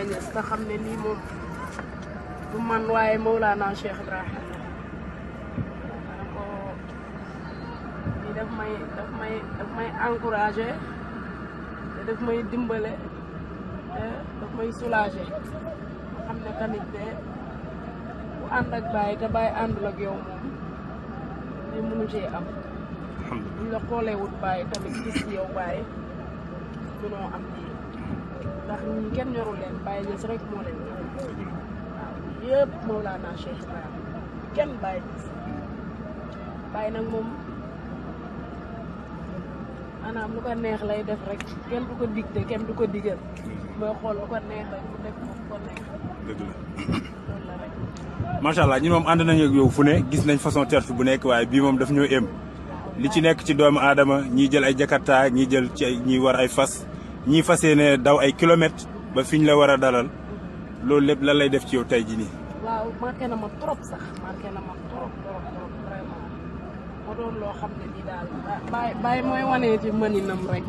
Baye Niass xam ne lii moom du man waaye Mawlana Cheikh Ibrahima dana ko daf may daf may may te daf may dimbale te daf may soulagé nga xam ne tamit de bu ànd ak Baye te Baye àndul ak yow moom li mënu cee am buñ la xoolee tamit gis yow Baye mënoo am ndax ñun kenn ñorul leen bàyyi gis rek moo leen ñor waaw yëpp Mawlana Cheikh Ibrahima kenn bàyyi gis bàyyi nag moom maanaam lu ko neex lay def rek kenn du ko digte kenn du ko digal mooy xool lu ko neex rek mu def lu ko neex. la rek. allah ñun moom ànd nañu yow fu ne gis nañ façon tertu bu nekk waaye bii moom daf ñoo ém li ci nekk ci doomu aadama ñiy jël ay jakarta ñiy jël ci ñiy war ay fas. ñii fas yéene daw ay kilomètres ba fi ñu la war a dalal loolu lépp lan lay def ci yow tey jii nii. waaw marqué na ma trop sax marqué na ma trop trop ma doon loo xam ne nii daal bàyyi bàyyi mooy wanee ci mëninam rek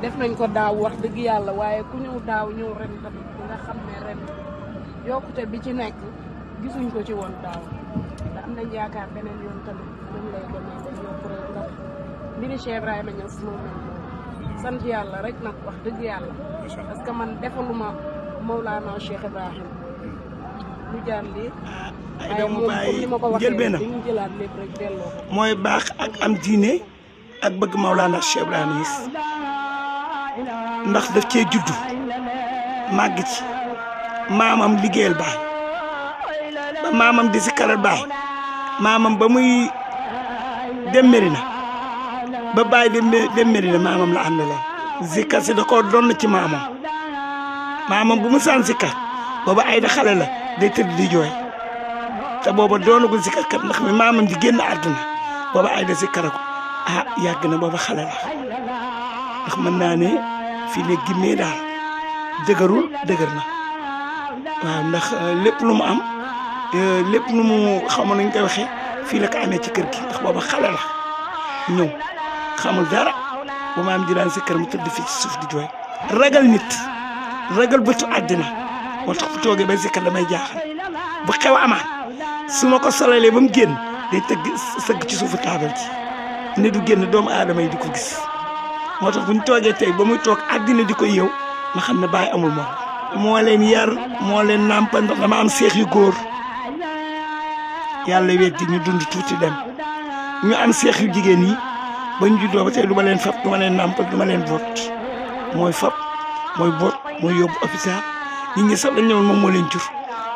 def nañ ko daaw wax dëgg yàlla waaye ku ñëw daaw ñëw ren tamit nga xam ne ren yokkute bi ci nekk gisuñ ko ci woon daaw da am mbiri Cheikh Ibrahima Niass moom sant yàlla rek nag wax dëgg yàlla parce que man defaluma ah, ma ko waxee dañu jëlaat mooy baax ak am diine ak bëgg Mawlana Cheikh Ibrahim Niass ndax daf cee juddu màgg maamam liggéeyal baay ba maamam di si karal baay maamam ba muy dem ba bàyyi dem dem Medina maamam la àndale zikar si da koo na ci maamam maamam bu mu saan zikar booba ay da xale la day tëdd di jooy te booba doonagul zikar kat ndax mi maamam di génn àdduna booba ay da zikar ah, yàgg na booba ndax mën naa ne fii ne gimmee daal dëgërul dëgër na waaw ndax euh, lépp lu mu am euh, lépp lu mu xamoon nañ koy waxee fii la ko amee ci kër gi ndax booba xale la xamul dara ba maam ji daan si kër mu tëdd fii ci suuf di jooy ragal nit ragal bëtu àddina moo tax bu toogee bay si kër damay jaaxal bu xew amaan su ma ko solalee ba mu génn day tëgg sëgg ci suufu taabal ji ne du génn doomu aadama yi di ko gis moo tax bu ñu tey ba muy toog àddina di ko yeew ma xam ne baay amul moom. moo leen yar moo leen nàmpal ndax dama am seex yu góor yàlla weddi ñu dund tuuti dem ñu am seex yu jigéen yi. bañ juddoo ba tey du ma leen fab du ma leen nàmpal du ma leen boot mooy fab mooy boot mooy yóbbu hôpital nit ñi sax dañ ñëwoon moom moo leen jur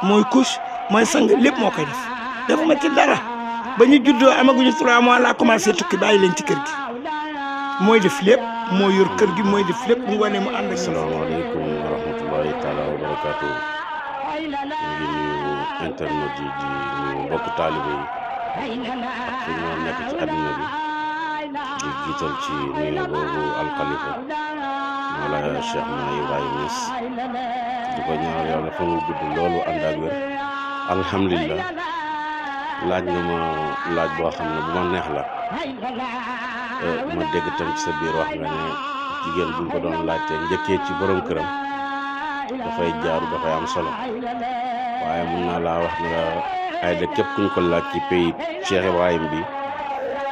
mooy couche mooy sang lépp moo koy def dafa ma ci dara ba ñu juddoo amaguñu trois mois laa commencé tukki bàyyi leen ci kër gi mooy def lépp moo yor kër gi mooy def lépp mu wane mu ànd ak. asalaamaaleykum wa barakaatu ñu ngi nuyu internet yi di nuyu mbokk taalibe ak fu ñu nekk ci di jiital ci nuyu boobu alxalifa Mawlana Cheikh na Ibrahima Niass di ko ñaanal yàlla fa mu gudd loolu ànd ak wér alhamdulilah laaj nga ma laaj boo xam ne bu ma neex la eh, ma degg tam ci sa biir wax nga ne jigéen buñ ko doon laajte njëkkee ci borom këram dafay jaaru dafay am solo waaye mun naa laa wax ne la ay da képp kuñ ko laaj ci pays Cheikh Ibrahim bi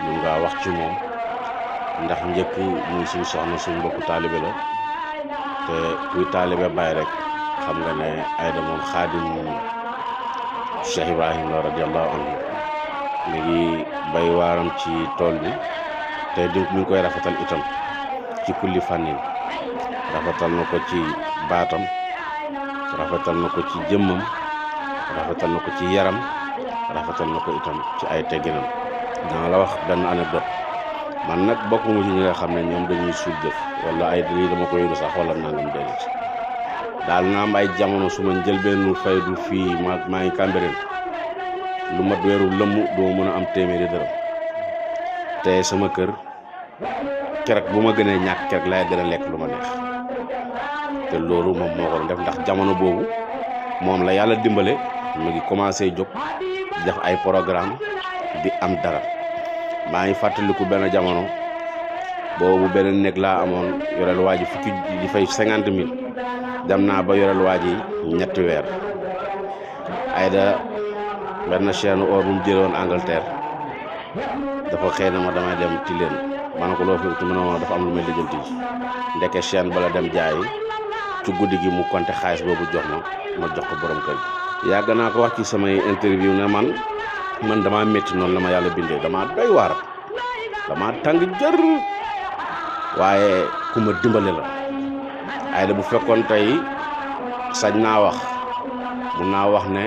mun ngaa wax ci moom ndax njëkk muy suñ soxna suñ mbokku taalibe la te kuy taalibe Baay rek xam nga ne Aida moom xaadim Cheikh Ibrahim radiallahu anhu mi ngi bay waaram ci tool bi te di mi ngi koy rafetal itam ci kulli fànnin rafetal na ko ci baatam rafetal na ko ci jëmmam rafetal na ko ci yaram rafetal na ko itam ci ay tegginam dana la wax benn anecdote man nag bokkuma ci ñi nga xam ne ñoom dañuy suul jëf wala ay lii dama ko yónni sax wala nangam déedéet daal na am ay jamono su ma njëlbeenu faydu fii ma maa ngi Cambérène lu mat weeru lëmm doo mën a am téeméeri dërëm te sama kër keroog bu ma gënee ñàkk keroog lay gën a lekk lu ma neex te loolu moom moo ko def ndax jamono boobu moom la yàlla dimbale mu ngi commencé jóg def ay programme di am dara maa ngi fàttaliku benn jamono boobu beneen néeg laa amoon yoreel waa ji fukki di fay cinquante mille dem naa ba yoreel waa ji ñetti weer ayda benn chaîne or bu mu jëloon Angleterre dafa xëy na ma damay dem ci leen ma ne ko loo fi tu mu ma dafa am lu may lijjanti ndeke chaîne bala dem jaay ci guddi gi mu compté xaalis boobu jox ma ma jox ko borom kër gi yàgg naa ko wax ci samay interview ne man man damaa métti noonu la ma yàlla bindee damaa doy waar damaa tàng jër waaye ku dimbale la ay da bu fekkoon tey sañ naa wax mun naa wax ne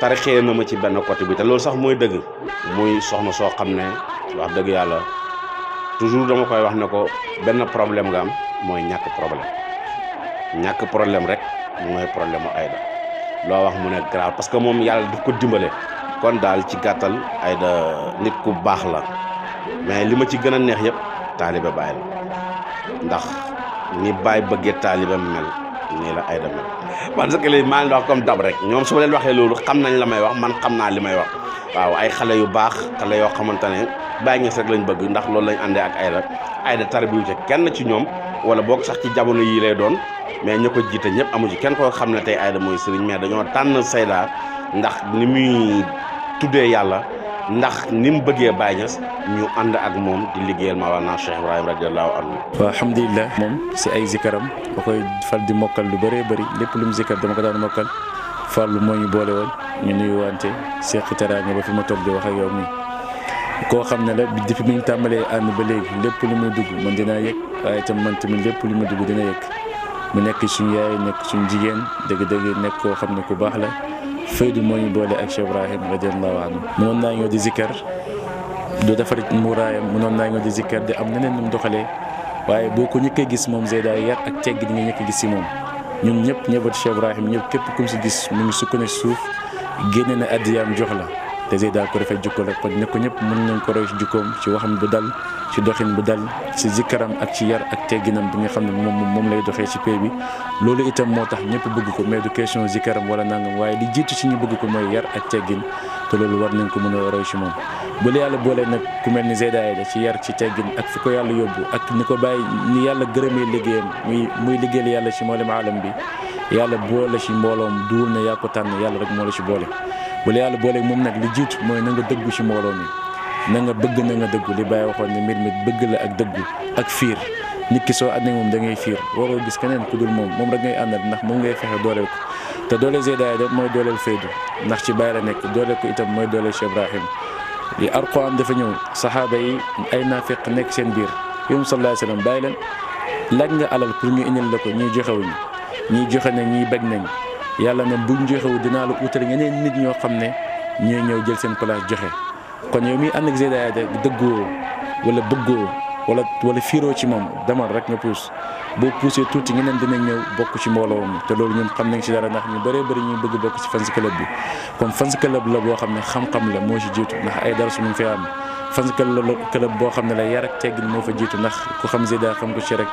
tarixee na ma ci benn côté bi te loolu sax mooy dëgg muy soxna soo xam ne wax dëgg yàlla toujours dama koy wax ne ko benn problème nga am mooy ñàkk problème ñàkk problème rek mooy problème mu Aïda loo wax mu ne grave parce que moom yàlla daf ko dimbale kon daal ci gàttal ay da nit ku baax la mais li ma ci gën a neex yëpp taalibe baay la ndax ni baay bëggee taalibe mel nii la ay da mel parce que maa ngi comme dab rek ñoom su ma leen waxee loolu xam nañ la may wax man xam naa li may wax waaw ay xale yu baax xale yoo xamante ne bàyyi ngees rek lañ bëgg ndax loolu lañ àndee ak ay da ay da tarbiwu ca kenn ci ñoom wala boog sax ci jamono yii lay doon mais ña ko jiite ñëpp amu ci kenn koo xam ne tey ayda da mooy sëriñ mais dañoo tànn saydaa ndax ni muy tuddee yàlla ndax ni mu bëggee Baye ñu ànd ak moom di liggéeyal Mawlana Cheikh Ibrahim radiyallahu anhu waaw moom si ay zikaram ba koy fal di mokkal lu bëree bëri lépp lu mu zikar dama ko daan mokkal farlu moo ñu boole woon ñu nuyu wante seq teraanga ba fi ma toog di wax ak koo xam ne la depuis bi ñu tàmbalee ànd ba léegi lépp lu mu dugg man dinaa yëg waaye itam man tamit lépp lu muy dugg dina yëg mu nekk suñu yaay nekk suñu jigéen dëgg-dëgg nekk koo xam ne ku baax la faydu moo ñu boole ak Cheikh Ibrahim radiallahu anhu mënoon naa ñoo di zikkar du defar muraayam mënoon naa ñoo di zikkar di am neneen num doxalee waaye boo ko ñëkkee gis moom Zeyda yar ak tegg di nga ñëkk gis si moom ñun ñëpp ñëbbat Cheikh Ibrahim ñëpp képp kum si gis mu ngi sukkandiku suuf génne na addiyaam jox la te Zeyda ko rafet jikko rek kon nekk ñëpp mën nañ ko roy ci jikkoom ci waxam bu dal ci doxin bu dal ci zikkaram ak ci yar ak tegginam bu nga xam ne moom moom lay doxee ci pay bi loolu itam moo tax ñëpp bëgg ko mais du question zikkaram wala nangam waaye li jiitu ci ñu ko mooy yar ak teggin te loolu war nañ ko mën a roy ci moom bu la yàlla boolee nag ku mel ni Zeyda da ci yar ci teggin ak fi ko yàlla yóbbu ak ni ko bàyyi ni yàlla gërëmee liggéeyam muy muy liggéeyal yàlla ci mboolem alam bi yàlla boole ci mbooloom duur na yaa ko tànn yàlla rek moo la ci boole bu la yàlla booleeg moom nag li jiitu mooy na nga dëggu ci mbooloo mi na nga bëgg na nga dëggu li bàyyi waxoon ne mbir mi bëgg la ak dëggu ak fiir nit ki soo àndee moom da ngay fiir waroo gis keneen ku dul moom moom rek ngay àndal ndax moom ngay fexe dooleel ko te dooleel Zeyda da mooy dooleel Faydu ndax ci Baye la nekk dooleel ko itam mooy dooleel Cheikh Ibrahim li am dafa ñëw saxaaba yi ay naafeq nekk seen biir yom sallallahu alayhi wasallam bàyyi leen laaj nga alal pour ñu indil la ko ñuy joxewuñu ñuy joxe nañ ñuy bëgg nañ yàlla ne buñ joxewu dinaa la utal ñeneen nit ñoo xam ne ñooy ñëw jël seen place joxe kon yow miy ànd ak Zeyda wala bëggoo wala wala fiiroo ci moom demal rek nga puus boo puusee tuuti ñeneen dinañ ñëw bokk ci mbooloo te loolu ñun xam nañ si dara ndax ñu bëree bëri ñu bëgg bokk si fans club bi kon fans club la boo xam ne xam-xam moo si jiitu ndax ay dara fi am fans club boo xam ne la yar ak teggin moo fa jiitu ndax ku xam Zeyda xam ko ci yar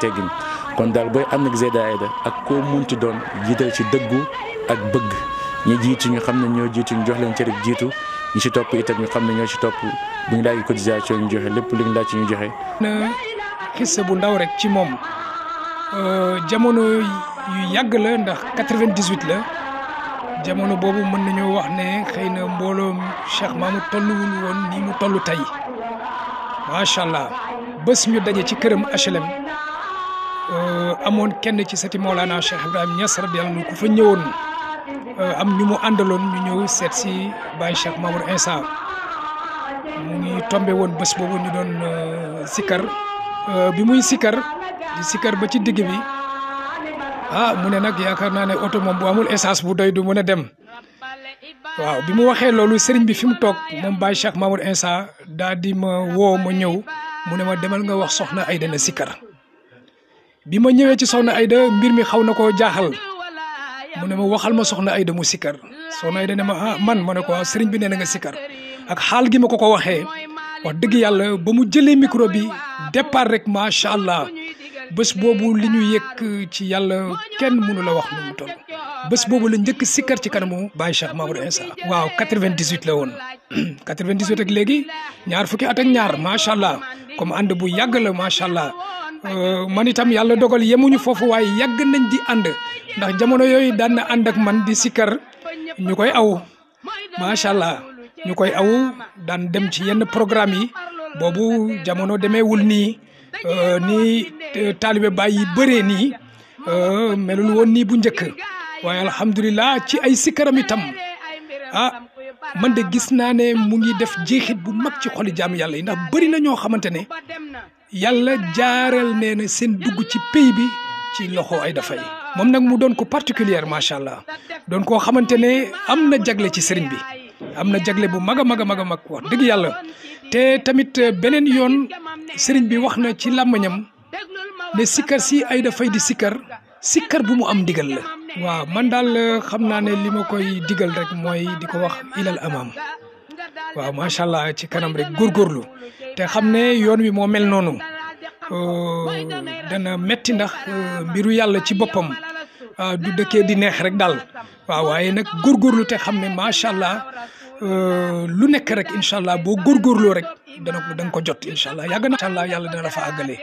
kon daal booy ànd ak Zeyda Yada ak koo munti doon jiital ci dëggu ak bëgg ñi jiitu ñu xam ne ñoo jiitu ñu jox leen cër jiitu ñi ci topp itam ñu xam ne ñoo ci topp bu ñu laaj cotisation ñu lépp lu ñu laaj ci ñu joxe. bu ndaw rek ci moom euh, jamono yu yàgg la ndax 98 la jamono boobu mën nañoo wax ne xëy na mbooloom Cheikh Mamoud tolluwul woon nii mu toll tey macha allah bés ñu daje ci këram HLM. Euh, amoon kenn ci sati Mawlana Cheikh Ibrahim Niass radiyallahu anhu ku fa ñëwoon. Euh, am ñu mu àndaloon ñu ñëw seet si Baye Cheikh Mamour Insa mu ngi woon bés boobu ñu doon euh, sikkar euh, bi muy sikkar di sikkar ba ci digg bi ah mu ne nag yaakaar naa ne oto bu amul essence bu doy du mën a dem waaw bi mu waxee loolu sëriñ bi fi mu toog moom Baye Cheikh Mamour Insa daa di ma woo ma ñëw mu ne ma demal nga wax soxna Ayda na sikkar bi ma ñëwee ci soxna Ayda mbir mi xaw na koo jaaxal. mu ne ma waxal ma soxna ay Ayda mu sikkar soxna Ayda ne ma ah man ma ne ko ah, sëriñ bi nee na nga sikkar ak xaal gi ma ko ko waxee wax dëgg yàlla ba mu jëlee micro bi départ rek macha allah bés boobu li ñu yëg ci yàlla kenn mënu la wax nu mu toll bés boobu la njëkk sikkar ci kanamu Baye Cheikh Mamadou Insa. waaw 98 la woon 98 ak léegi ñaar fukki at ak ñaar macha allah comme ànd bu yàgg la macha allah. Euh, man itam yàlla dogal yemuñu foofu waaye yàgg nañ di ànd ndax jamono yooyu daan na ànd ak man di sikkar ñu koy aw macha allah ñu koy aw daan dem ci yenn programme yi boobu jamono demeewul nii euh, nii taalibe baay yi bëree nii euh, melul woon nii bu njëkk waaye alhamdulilah ci ay sikkaram itam ah man de gis naa ne mu ngi def jeexit bu mag ci xoli jaam yàlla yi ndax bëri na ñoo xamante ne yàlla jaaral nee na seen dugg ci pays bi ci loxo ay dafay moom nag mu doon ko particulière macha allah doon koo xamante ne am na jagle ci sëriñ bi am na jagle bu mag a mag a mag a mag wax dëgg yàlla te tamit beneen yoon sëriñ bi wax na ci làmmañam ne sikkar si ay dafay di sikkar sikkar bu mu am digal la waaw man daal xam naa ne li ma koy digal rek mooy di ko wax ilal am waaw macha allah ci kanam rek góorgóorlu te xam ne yoon wi moo mel noonu dana metti ndax mbiru yàlla ci boppam du dëkkee di neex rek daal waaw waaye nag góorgóorlu te xam ne macha allah lu nekk rek incha allah boo góorgóorloo rek dana ko ko jot incha allah yàgg na incha yàlla dina fa àggale.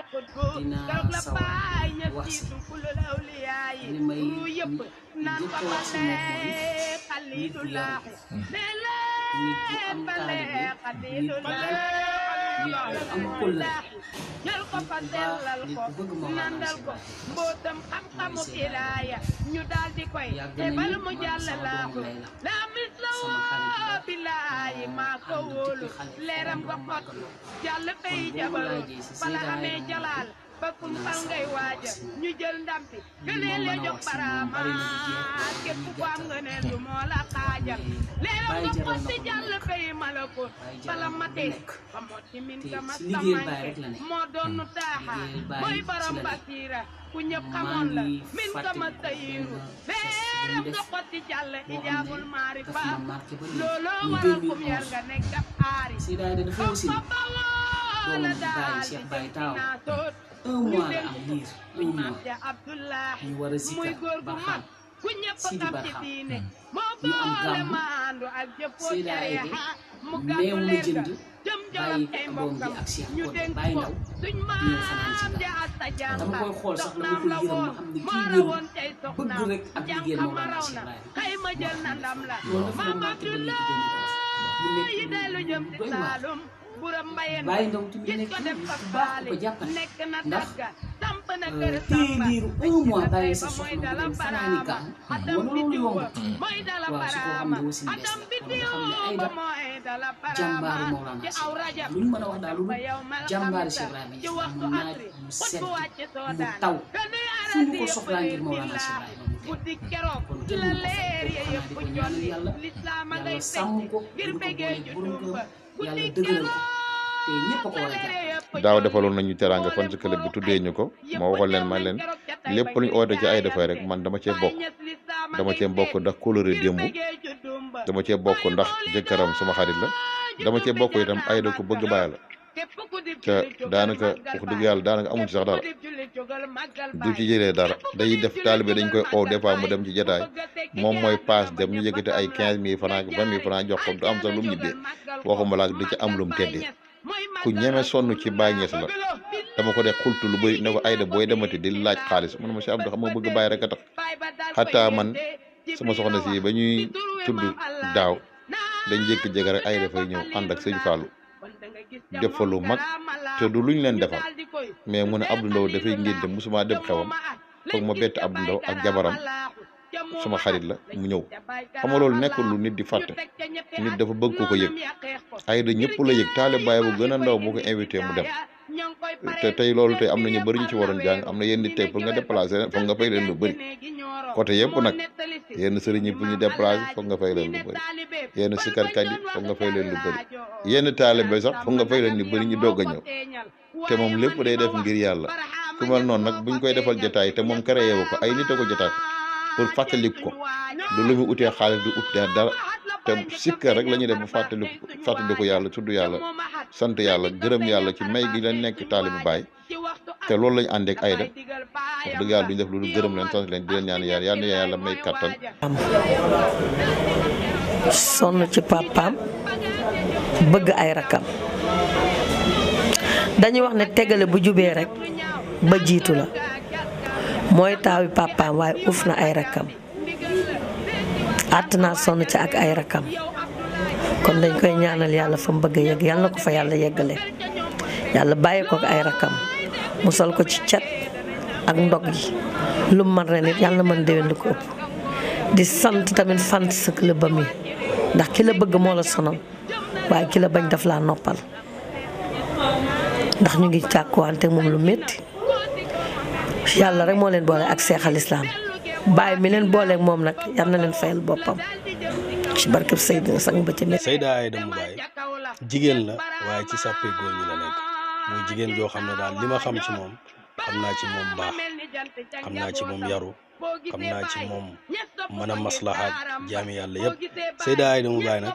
nit bu am taalibe nit bu am kóllëre ko fa sellal ko nandal ko mbootam xam-xamu ilaaya ñu daal koy te bal mu jàll laaxu laa la woo bilaayi maa ko wóolu leeram ko xot jàll fay jabaru bala amee jalaal ba kun fal ngay waaja ñu jël ndampi nga léeg-léeg jox baraama képp ku am nga ne lu moo la xaajal léeg-léeg nga jàll pay mala ko bala mate ba moo timin ka ma samanke moo doonu hmm. taaxa mooy borom basiira ku ñëpp xamoon la min ka ma sayiru léeg-léeg nga jàll ijaabul maari fa looloo waral kum yar nga nekk ab aari ba ba la daal di un mois la am liir un mois ñu war a zikar barxam sidi barxam hmm. ñu am gàmm seyda ay de meew la jënd bàyyi doom bi ak Cheikh Koné bàyyi ndaw ñëw fanaan si gàmm dama koy xool sax dama koy yërëm ma xam ne kii wóorul bëgg rek ak liggéey Mawlana Cheikh Ibrahima loolu dafa doon mën a dimbali ci doomu mu nekk lu doy waar waaye ndaw tamit nekk ci baax ku ko jàppale ndax euh, téye diiru un mois bàyyi sa soxna bu dem fanaani gaaw loolu yombut waaw su ko xam ne aussi ndees la kon nga xam ne ay ba jàmbaaru Mawlana Cheikh lu ñu mën a wax daal lu jàmbaaru Cheikh Ibrahima yi mu naaj mu sedd mu taw ko ngir Mawlana Cheikh Ibrahima yàlla dëgëral ko te ñëpp a ko war a jàpp daaw defaloon nañu tuddee ñu ko ma waxoon leen man leen lépp luñ oote ci ay dafay rek man dama cee bokk dama cee bokk ndax coloré démb dama cee bokk ndax jëkkëram suma xarit la dama cee bokk itam ay da ko bëgg bàyyi la te daanaka wax dëgg yàlla daanaka amuñ ci sax dara du ci jëlee dara day def taalibe dañ koy ow des fois mu dem ci jotaay moom mooy paas dem ñu yëkkati ay quinze mille franc vingt mille franc jox ko du am sax lu mu ñibbee waxuma laak du ci am lu mu teddi ku ñeme sonn ci Baay Ñas la dama ko def xultu lu bëri ne ko ayda booy demati di laaj xaalis man monsieur Abdou xam nga bëgg bàyyi rek a tax xataa man sama soxna si ba ñuy tudd daaw dañ jékki-jékki rek ayda fay ñëw ànd ak sëñ Fallou. def fa lu mag te du luñ leen defal mais mu ne Abdou Ndaw dafay ngénte musuma dem xewam foog ma bett Abdou Ndaw ak jabaram suma xarit la mu ñëw xam nga loolu nekkul lu nit di fàtte nit dafa bëgg ko ko yëg ay da ñëpp la yëg taale baay bu gën a ndaw boo ko invité mu dem te tey loolu te am na ñu bëri ñu ci waroon jàng am na yenn nit tey pour nga déplacé foog nga fay leen lu bëri côté yëpp nag yenn sëriñ yi pour ñu déplacé foog nga fay leen lu bëri yenn sikarkat yi foog nga fay leen lu bëri yenn taalibe sax foog nga fay leen ñu bëri ñu doog a ñëw te moom lépp day def ngir yàlla ku mel noonu nag buñ koy defal jotaay te moom créé wu ko ay nit a ko jotaay pour fàttali ko du lu mu utee xaalis du ut dara. te sikkar rek la ñuy def bu fàttali fàttaliku yàlla tudd yàlla sant yàlla gërëm yàlla ci may gi leen nekk taalibu baay te loolu lañu àndeek Aida wax dëgg yàlla duñ def lu dul gërëm leen sant leen di leen ñaan yàlla yàlla yàlla may kàttan sonn ci papaam bëgg ay rakkam dañuy wax ne tegale bu jubee rek ba jiitu la mooy taawi papaam waaye uuf na ay rakkam àtt naa sonn ci ak ay rakam kon dañ koy ñaanal yàlla fa mu bëgg a yegg yàlla ko fa yàlla yeggale yàlla bàyyi ko ak ay rakam mu sol ko ci cat ak ndog yi lu man ren it yàlla mën déwén lu ko ëpp di sant tamit fant sa club ba mi ndax ki bëgg moo la sonal waaye ki bañ daf laa noppal ndax ñu ngi càkkuwante moom lu métti yàlla rek moo leen boole ak seexal islaam bàyyi mi leen moom nag yar na leen fayal boppam ci barkeb Seyda sang ba ci nekk. jigéen la waaye ci sàppe góor ñi la nekk muy jigéen joo xam ne daal li ma xam ci moom xam naa ci moom mbaax xam naa ci moom yaru xam naa ci moom mën a maslahaat jaami yàlla yëpp Seyda Aida Mbaye nag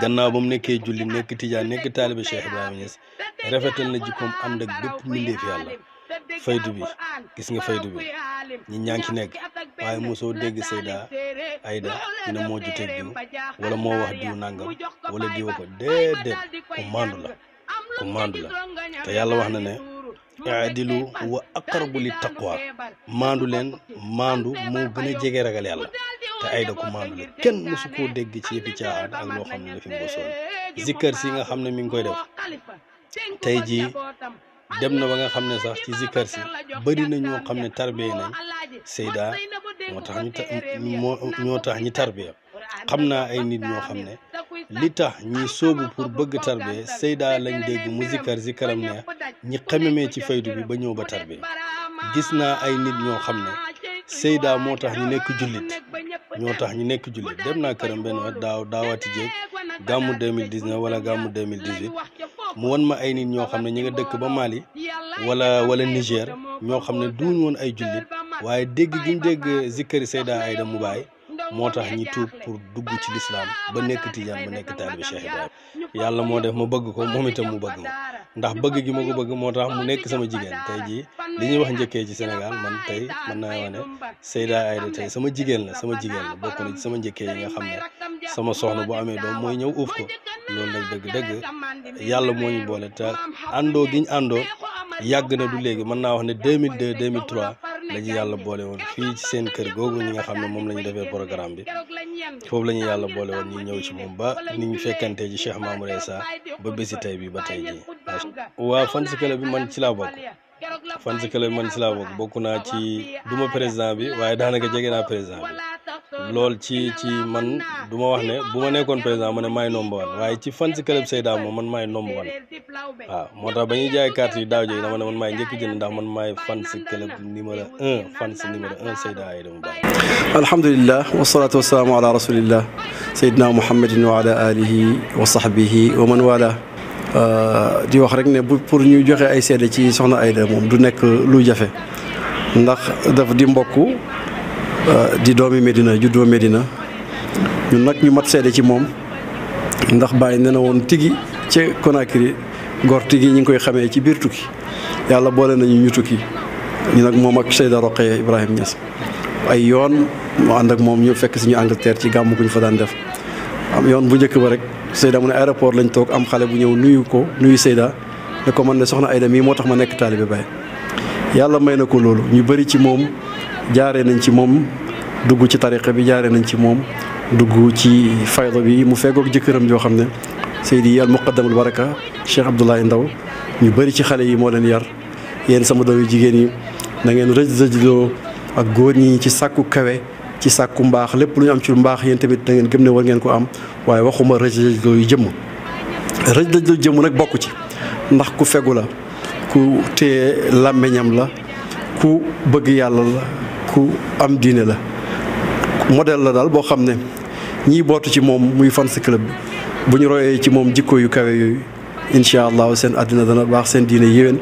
gannaaw ba mu nekkee julli nekk tijaan nekk taalibe Cheikh Ibrahima Niass rafetal na jikkoom ànd ak bépp mbindeef yàlla. faydu bi gis nga faydu bi ñi ñaa ngi ci nekk waaye mosoo dégg Seyda Aida dina moo juteeg diw wala moo wax diw nangam wala diw ko déedéet ku mandu la ku mandu la te yàlla wax na ne idilu wa aqrabu li taqwa mandu mandu moo gën a jege ragal yàlla te Aida ku mandu la kenn mosu koo dégg ci yëfi caaxaan ak loo xam ne la fi mu zikkër si nga xam ne mi ngi koy def tey jii dem na ba nga xam ne sax ci zikkar si bëri na ñoo xam ne tarbiya nañ Seyda moo tax ñoo tax ñi tarbiya xam naa ay nit ñoo xam ne li tax ñi soobu pour bëgg tarbiya Seyda lañ dégg mu zikkar zikkaram neex ñi xamemee ci faydu bi ba ñëw ba tarbiya gis naa ay nit ñoo xam ne Seyda moo tax ñu nekk jullit ñoo tax ñu nekk jullit dem naa këram benn daaw daawati jéeg gàmmu 2019 wala gàmmu 2018 mu wan ma ay nit ñoo xam ne ñu nga dëkk ba maali wala wala Niger ñoo xam ne duñ woon ay jullit waaye dégg gi ñu dégg zikkari Seyda Aïda Moubaye moo tax ñi tuub pour dugg ci lislaam ba nekk tijaan ba nekk taalibe yàlla moo def ma bëgg ko moom itam mu bëgg ndax bëgg gi ma ko bëgg moo tax mu nekk sama jigéen tey jii li ñuy wax njëkkee ci Sénégal man tey mën naa wax ne Seyda Aïda tey sama jigéen la sama jigéen la bokk na ci sama njëkkee yi nga xam ne sama soxna bu amee doom mooy ñëw uuf ko loolu nag dëgg-dëgg yàlla moo ñu boole te àndoo gi ñu àndoo yàgg na du léegi mën naa wax ne 2002 2003 la ñu yàlla boole woon fii ci seen kër googu ñi nga xam ne moom la ñu defee programme bi foofu la yàlla boole woon ñu ñëw ci moom ba ni ñu fekkante ci Cheikh Mamour Essa ba bési tey bi ba tey jii. waa fan si club bi man ci laa bokk fan si club bi man ci laa bokk bokk naa ci duma président bi waaye daanaka jege naa président bi. lool ci ci man du ma wax ne bu ma nekkoon président ma ne may number one waaye ci fan si club Seyda moom man maay number one waaw moo tax ba ñuy jaay carte yi daaw jëg dama ne man maay njëkk jënd ndax man maay fan si club numéro un fan si numéro un Seyda Aïda Moubarak alhamdulilah wasalaatu wasalaamu ala rasulillah seydina muhammadin wa ala alihi wa sahbihi wa man wala di wax rek ne bu pour ñu joxe ay seede ci soxna Aïda du nekk lu jafe ndax daf di mbokk Euh, di doomi Medina juddoo Medina ñun nag ñu mat seede ci moom ndax bàyyi nee na woon tigi ca Conakry gor tigi ñu ngi koy xamee ci biir tukki yàlla boole nañu ñu tukki ñu nag moom ak Seyda Roqee Ibrahim Niass ay yoon mu ànd ak moom ñu fekk si ñu Angleterre ci gàmm gu ñu fa daan def am yoon bu njëkk ba rek Seyda mu ne aéroport lañ toog am xale bu ñëw nuyu ko nuyu Seyda ne ko man ne soxna Ayda mii moo tax ma nekk taalibe Baay yàlla may na ko loolu ñu jaaree nañ ci moom dugg ci tariqa bi jaaree nañ ci moom dugg ci fayda bi mu feggoog jëkkëram joo xam ne Seydi al muqaddamul baraka Cheikh Abdoulaye Ndaw ñu bëri ci xale yi moo leen yar yéen sama doom yu jigéen yi na ngeen rëj rëjloo ak góor ñi ci sàkku kawe ci sàkku mbaax lépp lu ñu am ci lu mbaax yéen tamit da ngeen gëm ne war ngeen ko am waaye waxuma rëj rëjloo yu jëmm rëj rëjloo jëmm nag bokk ci ndax ku fegu la ku te làmmiñam la ku bëgg yàlla la ku am diine la model la daal boo xam ne ñiy bootu ci moom muy fan si club bi bu ñu royee ci moom jikko yu kawe yooyu incha allah seen àddina dana baax seen diine yéwén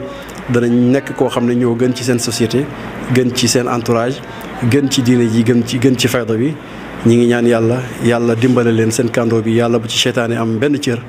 danañ nekk koo xam ne ñoo gën ci seen société gën ci seen entourage gën ci diine ji gën ci gën ci fayda bi ñi ngi ñaan yàlla yàlla dimbale leen seen kàndoo bi yàlla bu ci seytaane am benn cër